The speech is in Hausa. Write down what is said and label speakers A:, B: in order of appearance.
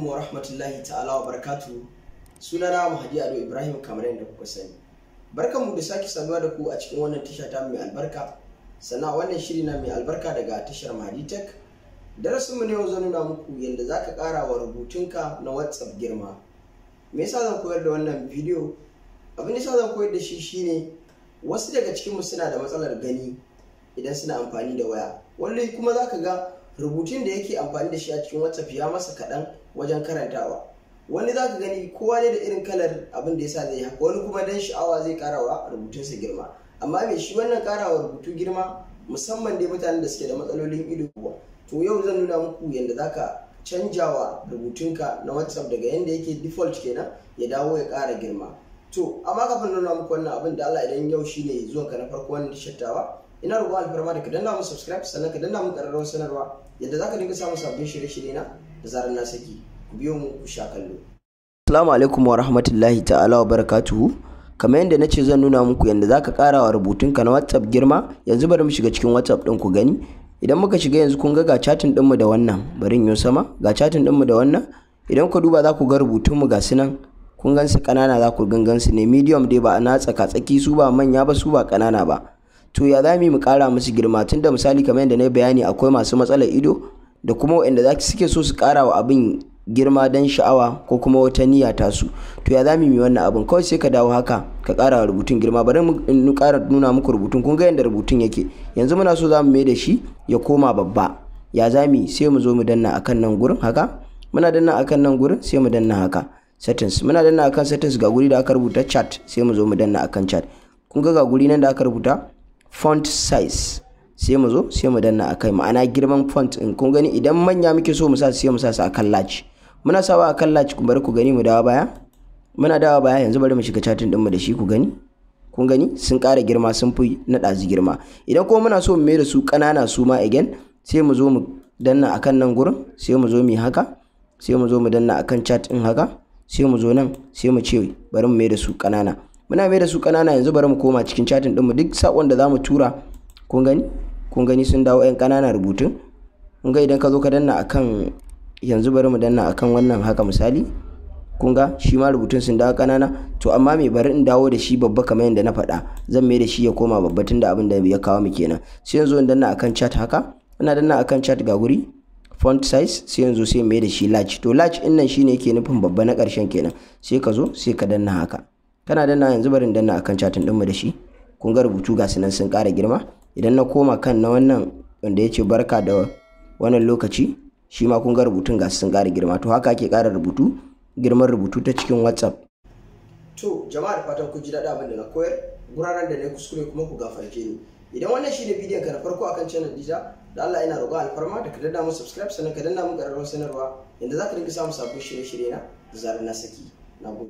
A: alaikum wa rahmatullahi ta'ala wa barakatu sunana Mahadi Ado Ibrahim kamar yadda kuka sani barkanmu da sake saduwa da ku a cikin wannan tasha ta mai albarka sana wannan shiri na mai albarka daga tashar Mahadi Tech darasin mu ne yau zan nuna muku yadda zaka kara wa rubutunka na WhatsApp girma me yasa zan koyar da wannan bidiyo abin da zan koyar da shi shine wasu daga cikin mu suna da matsalar gani idan suna amfani da waya wallahi kuma zaka ga rubutun da yake amfani da shi a cikin whatsapp ya masa kaɗan wajen karantawa wani za ka gani kowa ne da irin kalar abin da ya sa zai haka wani kuma dan sha'awa zai karawa rubutunsa girma amma mai shi wannan karawa rubutu girma musamman dai mutanen da suke da matsalolin ido to yau zan nuna muku yadda za ka canjawa rubutunka na whatsapp daga yadda yake default kenan ya dawo ya kara girma to amma kafin nuna muku wannan abin da ala idan yau shine zuwanka na farko wannan shattawa ina roƙo alfarma da ka danna mu subscribe sannan ka danna mu ƙararrawar sanarwa yadda za ka dinga samun sabbin shirye-shirye na da zarar na saki ku biyo mu ku sha kallo. Assalamu alaikum wa rahmatullahi ta'ala wa barakatuhu kamar yadda na ce zan nuna muku yadda za ka ƙara wa rubutunka na whatsapp girma yanzu bari mu shiga cikin whatsapp ɗin ku gani idan muka shiga yanzu kun ga ga chatin ɗinmu da wannan bari in yi sama ga chatin ɗinmu da wannan idan ku duba za ku ga rubutunmu ga su nan kun gansu ƙanana za ku gangan su ne medium dai ba na tsaka tsaki su ba manya ba su ba ƙanana ba to ya za mu kara musu girma tunda misali kamar yadda na bayani akwai masu matsalar ido da kuma waɗanda za suke so su kara wa abin girma don sha'awa ko kuma wata niyya ta su to ya za mu yi wannan abin kawai sai ka dawo haka ka kara wa rubutun girma bari mu kara nuna muku rubutun kun ga yadda rubutun yake yanzu muna so za mu mai da shi ya koma babba ya za mu sai mu zo mu danna akan nan gurin haka muna danna akan nan gurin sai mu danna haka settings muna danna akan settings ga guri da aka rubuta chat sai mu zo mu danna akan chat kun ga ga guri nan da aka rubuta font size sai mu zo sai mu danna akai ma'ana girman font in kun gani idan manya muke so mu sa sai mu sa su akan large muna sawa akan large ku bari ku gani mu dawo baya muna dawo baya yanzu bari mu shiga chatin din mu da shi ku gani kun gani sun ƙara girma sun fi na girma idan kuma muna so mu mai da su kanana su ma again sai mu zo mu danna akan nan gurin sai mu zo mu haka sai mu zo mu danna akan chat din haka sai mu zo nan sai mu ce bari mu mai da su kanana. muna mai da su kanana yanzu bari mu koma cikin chatin ɗinmu duk sakon da za mu tura kun gani kun gani sun dawo 'yan kanana rubutun kun ga idan ka zo ka danna akan yanzu bari mu danna akan wannan haka misali kun ga shi ma rubutun sun dawo kanana to amma me bari in dawo da shi babba kamar yadda na faɗa zan mai da shi ya koma babba tunda abin da ya kawo mu kenan sai yanzu in danna kan chat haka ina danna akan chat ga guri font size sai yanzu sai mai da shi large to large din nan shine yake nufin babba na ƙarshen kenan sai ka zo sai ka danna haka kana danna yanzu barin in danna akan chatin dinmu da shi kun ga rubutu ga sunan sun ƙara girma idan na koma kan na wannan wanda yace barka da wannan lokaci shi ma kun ga rubutun ga sun ƙara girma to haka ake kara rubutu girman rubutu ta cikin whatsapp to jama'a da fatan kun ji daɗi abin da na koyar guraren da na kuskure kuma ku gafarce ni idan wannan shine bidiyon ka na farko akan channel dija da Allah ina roƙo alfarma da ka danna mu subscribe sannan ka danna mu ƙararrawar sanarwa yanda za ka dinga samun sabbin shirye-shirye na da zarar na saki na gode